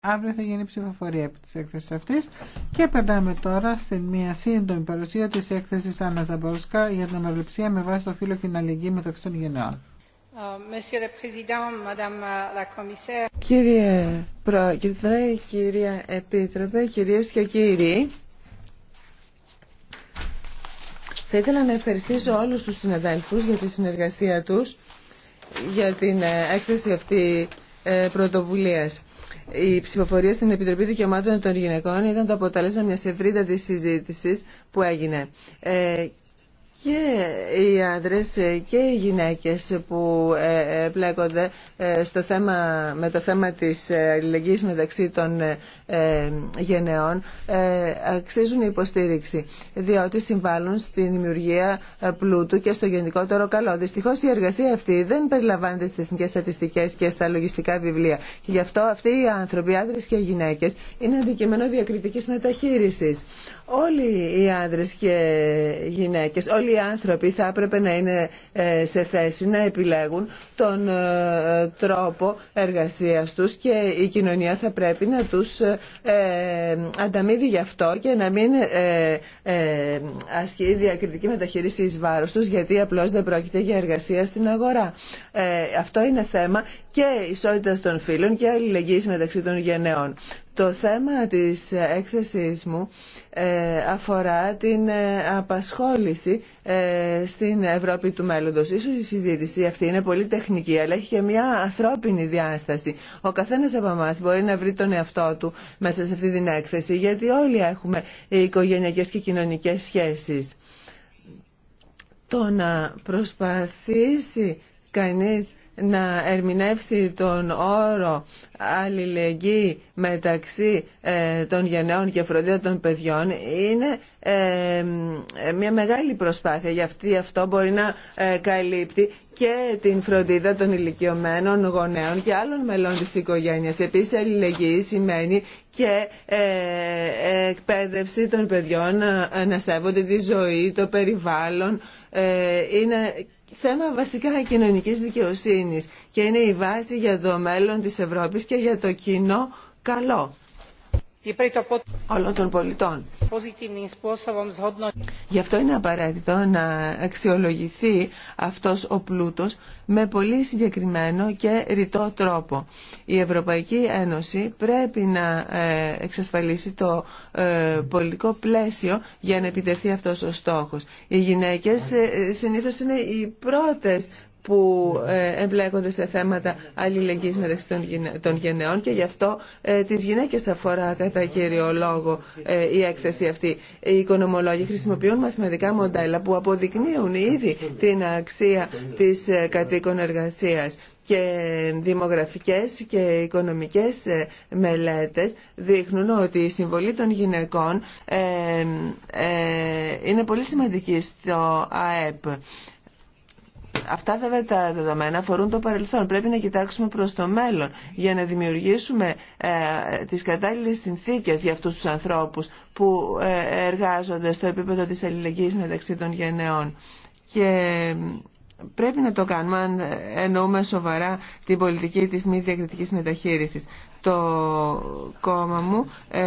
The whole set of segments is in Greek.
Αύριο θα γίνει ψηφοφορία επί της έκθεσης αυτής και περνάμε τώρα στην μία σύντομη παρουσία της έκθεσης Άννα Ζαμπόλσκα για την ομαλυψία με βάση το φύλλο και την αλληλεγγύη μεταξύ των γενεών. Ε, κύριε Πρόεδρε, κύριε Επίτροπε, κυρίες και κύριοι, θα ήθελα να ευχαριστήσω όλους τους συναδέλφους για τη συνεργασία τους, για την ε, έκθεση αυτή ε, πρωτοβουλίας. Η ψηφοφορία στην Επιτροπή Δικαιωμάτων των Γυναικών ήταν το αποτέλεσμα μιας ευρύτατη συζήτηση που έγινε. Ε, και οι άντρες και οι γυναίκες που ε, πλέκονται ε, στο θέμα, με το θέμα της αλληλεγγύης μεταξύ των ε, γενεών αξίζουν υποστήριξη διότι συμβάλλουν στη δημιουργία πλούτου και στο γενικότερο καλό. Δυστυχώς η εργασία αυτή δεν περιλαμβάνεται στις εθνικές στατιστικές και στα λογιστικά βιβλία και γι' αυτό αυτοί οι άνθρωποι, οι άντρες και οι γυναίκες είναι αντικείμενο διακριτικής μεταχείρισης. Όλοι οι άντρες και γυναίκες, όλοι όλοι οι άνθρωποι θα έπρεπε να είναι ε, σε θέση να επιλέγουν τον ε, τρόπο εργασίας τους και η κοινωνία θα πρέπει να τους ε, ανταμείβει γι' αυτό και να μην ασκεί διακριτική μεταχείριση εις βάρος τους γιατί απλώς δεν πρόκειται για εργασία στην αγορά. Αυτό είναι θέμα και ισότητας των φίλων και αλληλεγγύης μεταξύ των γενναιών. Το θέμα της έκθεσής μου ε, αφορά την ε, απασχόληση ε, στην Ευρώπη του μέλλοντος. Ίσως η συζήτηση αυτή είναι πολύ τεχνική, αλλά έχει και μια ανθρώπινη διάσταση. Ο καθένας από εμά μπορεί να βρει τον εαυτό του μέσα σε αυτή την έκθεση, γιατί όλοι έχουμε οικογενειακές και κοινωνικές σχέσεις. Το να προσπαθήσει κανείς να ερμηνεύσει τον όρο αλληλεγγύη μεταξύ ε, των γενναίων και φροντίδα των παιδιών είναι ε, ε, μια μεγάλη προσπάθεια. Γι' αυτό μπορεί να καλύπτει και την φροντίδα των ηλικιωμένων γονέων και άλλων μελών της οικογένειας. Επίσης, αλληλεγγύη σημαίνει και εκπαίδευση των παιδιών να σέβονται τη ζωή, το περιβάλλον θέμα βασικά κοινωνικής δικαιοσύνης και είναι η βάση για το μέλλον της Ευρώπης και για το κοινό καλό όλων των πολιτών. Γι' αυτό είναι απαραίτητο να αξιολογηθεί αυτός ο πλούτος με πολύ συγκεκριμένο και ρητό τρόπο. Η Ευρωπαϊκή Ένωση πρέπει να ε, εξασφαλίσει το ε, πολιτικό πλαίσιο για να επιτεθεί αυτός ο στόχος. Οι γυναίκες ε, συνήθως είναι οι πρώτες που ε, εμπλέκονται σε θέματα αλληλεγγύης μεταξύ των γενεών και γι' αυτό ε, τις γυναίκες αφορά κατά κύριο λόγο ε, η έκθεση αυτή. Οι οικονομολόγοι χρησιμοποιούν μαθηματικά μοντέλα που αποδεικνύουν ήδη την αξία της κατοίκων εργασίας και δημογραφικές και οικονομικές μελέτες δείχνουν ότι η συμβολή των γυναικών είναι πολύ σημαντική στο ΑΕΠ. Αυτά βέβαια τα δεδομένα αφορούν το παρελθόν. Πρέπει να κοιτάξουμε προς το μέλλον για να δημιουργήσουμε ε, τις κατάλληλες συνθήκες για αυτούς τους ανθρώπους που ε, εργάζονται στο επίπεδο της αλληλεγγύης μεταξύ των γενναιών. Και Πρέπει να το κάνουμε αν εννοούμε σοβαρά την πολιτική της μη διακριτικής μεταχείρισης. Το κόμμα μου ε,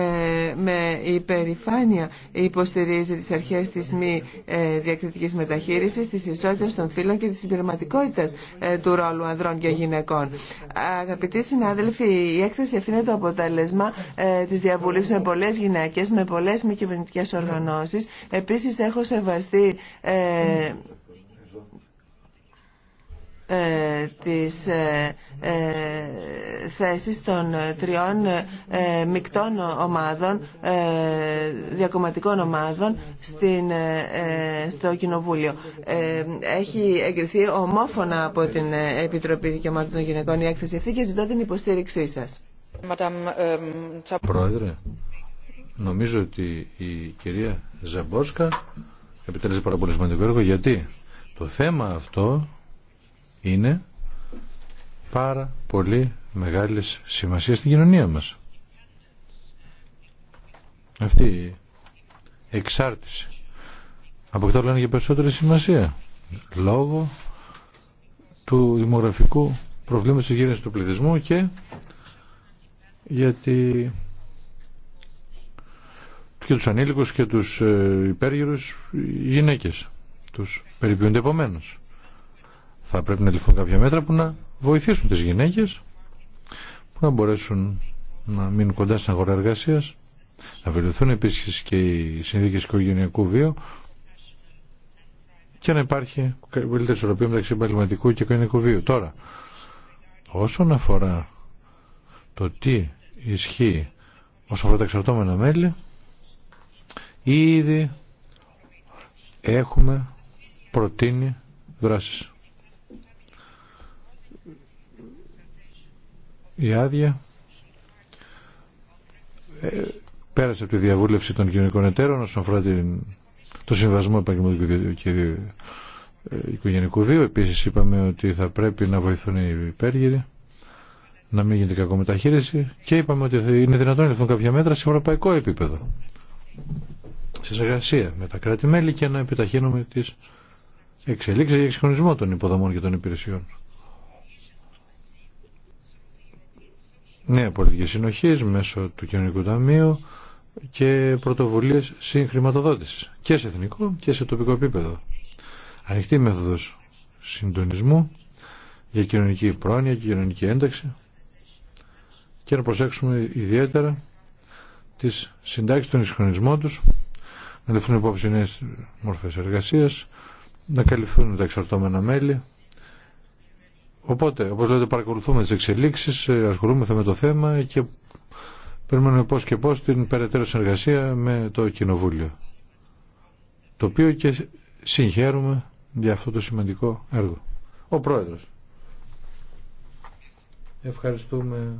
με υπερηφάνεια υποστηρίζει τις αρχές της μη ε, διακριτικής μεταχείρισης, της ισότητας των φύλων και της συμπληρωματικότητας ε, του ρόλου ανδρών και γυναικών. Αγαπητοί συνάδελφοι, η έκθεση αυτή είναι το αποτέλεσμα της διαβουλή με πολλές γυναίκες, με πολλές μη κυβερνητικές οργανώσεις. Επίσης έχω σεβαστεί ε, τις ε, ε, θέσεις των τριών μεικτών ομάδων, διακομματικών ομάδων στην, στο Κοινοβούλιο. Έχει εγκριθεί ομόφωνα από την Επιτροπή Δικαιωμάτων των Γυναικών η έκθεση αυτή και ζητώ την υποστήριξή σας. Πρόεδρε, νομίζω ότι η κυρία Ζαμπόσκα επιτέλεσε πάρα πολύ έργο γιατί το θέμα αυτό είναι πάρα πολύ μεγάλης σημασία στην κοινωνία μας. Αυτή η εξάρτηση αποκτά λένε για περισσότερη σημασία λόγω του δημογραφικού προβλήματος της γύρνησης του πληθυσμού και γιατί και τους ανήλικους και τους ε, υπέργυρους γυναίκες τους περιποιούνται επομένως θα πρέπει να ληφθούν κάποια μέτρα που να βοηθήσουν τις γυναίκες που να μπορέσουν να μείνουν κοντά στην αγορά εργασία, να βελτιωθούν επίση και οι συνδίκε οικογενειακού βίου και να υπάρχει καλύτερη ισορροπία μεταξύ επαγγελματικού και οικογενειακού βίου. Τώρα, όσον αφορά το τι ισχύει όσον αφορά τα εξαρτώμενα μέλη, ήδη έχουμε προτείνει δράσεις. η άδεια ε, πέρασε από τη διαβούλευση των κοινωνικών εταίρων όσον αφορά την, το συμβασμό επαγγελματικού και ε, οικογενικού βίου. Επίσης είπαμε ότι θα πρέπει να βοηθούν οι υπέργυροι να μην γίνεται κακό μεταχείριση και είπαμε ότι είναι δυνατόν να ληφθούν κάποια μέτρα σε ευρωπαϊκό επίπεδο. Σε συνεργασία με τα κράτη-μέλη και να επιταχύνουμε τις εξελίξεις για εξυγχρονισμό των υποδομών και των υπηρεσιών. νέα πολιτική συνοχή μέσω του Κοινωνικού Ταμείου και πρωτοβουλίες συγχρηματοδότησης και σε εθνικό και σε τοπικό επίπεδο. Ανοιχτή μέθοδος συντονισμού για κοινωνική πρόνοια και κοινωνική ένταξη και να προσέξουμε ιδιαίτερα τις συντάξεις των ισχυρισμών τους, να λεφθούν υπόψη νέες μορφές εργασία να καλυφθούν τα εξαρτώμενα μέλη Οπότε, όπως λέτε, παρακολουθούμε τις εξελίξεις, ε, ασχολούμεθα με το θέμα και περιμένουμε πώς και πώς την περαιτέρω συνεργασία με το Κοινοβούλιο. Το οποίο και συγχαίρουμε για αυτό το σημαντικό έργο. Ο Πρόεδρος. Ευχαριστούμε.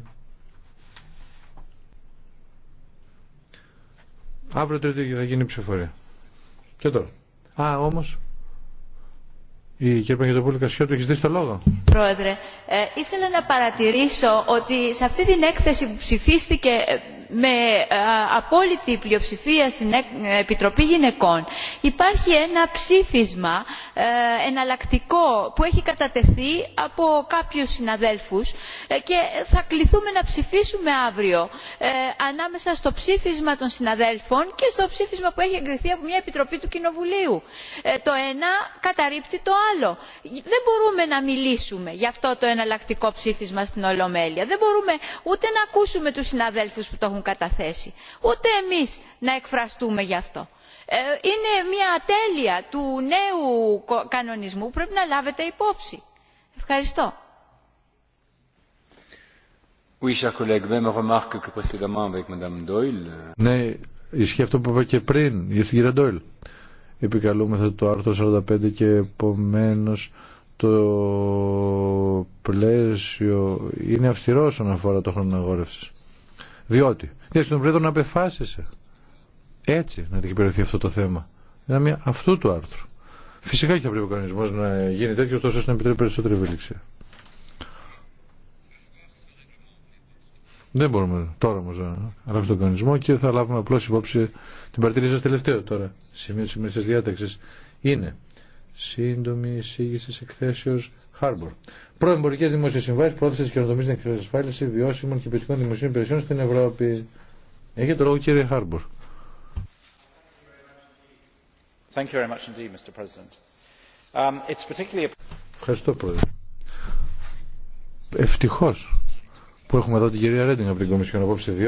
Αύριο τρίτη θα γίνει η ψηφορία. Και τώρα. Α, όμως, η κυρία Παγιωτοπούλη Κασιώτου έχει δει το λόγο. Πρόεδρε. Ε, ήθελα να παρατηρήσω ότι σε αυτή την έκθεση που ψηφίστηκε ε, με ε, απόλυτη πλειοψηφία στην ε, επιτροπή γυναικών υπάρχει ένα ψήφισμα ε, εναλλακτικό που έχει κατατεθεί από κάποιους συναδέλφους και θα κληθούμε να ψηφίσουμε αύριο ανάμεσα στο ψήφισμα των συναδέλφων και στο ψήφισμα που έχει εγκριθεί από μια επιτροπή του κοινοβουλίου. το ένα καταρρύπτει το άλλο. δεν μπορούμε να μιλήσουμε για αυτό το εναλλακτικό ψήφισμα στην ολομέλεια. δεν μπορούμε ούτε να ακούσουμε τους συναδέλφους που το έχουν έχουν καταθέσει ούτε εμείς να εκφραστούμε γι' αυτό. Ε, είναι μια ατέλεια του νέου κανονισμού που πρέπει να λάβετε υπόψη. ευχαριστώ. Euh, ναι, ισχύει αυτό που είπα και πριν για την κυρία Ντόιλ. Επικαλούμεθα το άρθρο 45 και επομένω το πλαίσιο είναι αυστηρό όσον αφορά το χρόνο αγόρευση. Διότι δεν τον Πρόεδρο να απεφάσισε έτσι να αντικυπηρεθεί αυτό το θέμα. μια αυτού του άρθρου. Φυσικά και θα πρέπει ο κανονισμό να γίνει τέτοιο τόσο ώστε να επιτρέπει περισσότερη ευελιξία. Δεν μπορούμε τώρα όμω να αλλάξουμε τον κανονισμό και θα λάβουμε απλώ υπόψη την παρατηρήση σα τελευταίο τώρα. Σημείο τη σημερινή διάταξη είναι σύντομη εισήγηση εκθέσεω Harbor. Προεμπορικέ δημόσιε συμβάσει, πρόθεση και ονοτομή στην εξασφάλιση βιώσιμων και ποιοτικών δημοσίων υπηρεσιών στην Ευρώπη. Έχει το λόγο, κύριε Χάρμπορ. Um, Ευχαριστώ, Πρόεδρε. Ευτυχώ που έχουμε εδώ την κυρία Ρέντινγκ από την Κομισιόν απόψε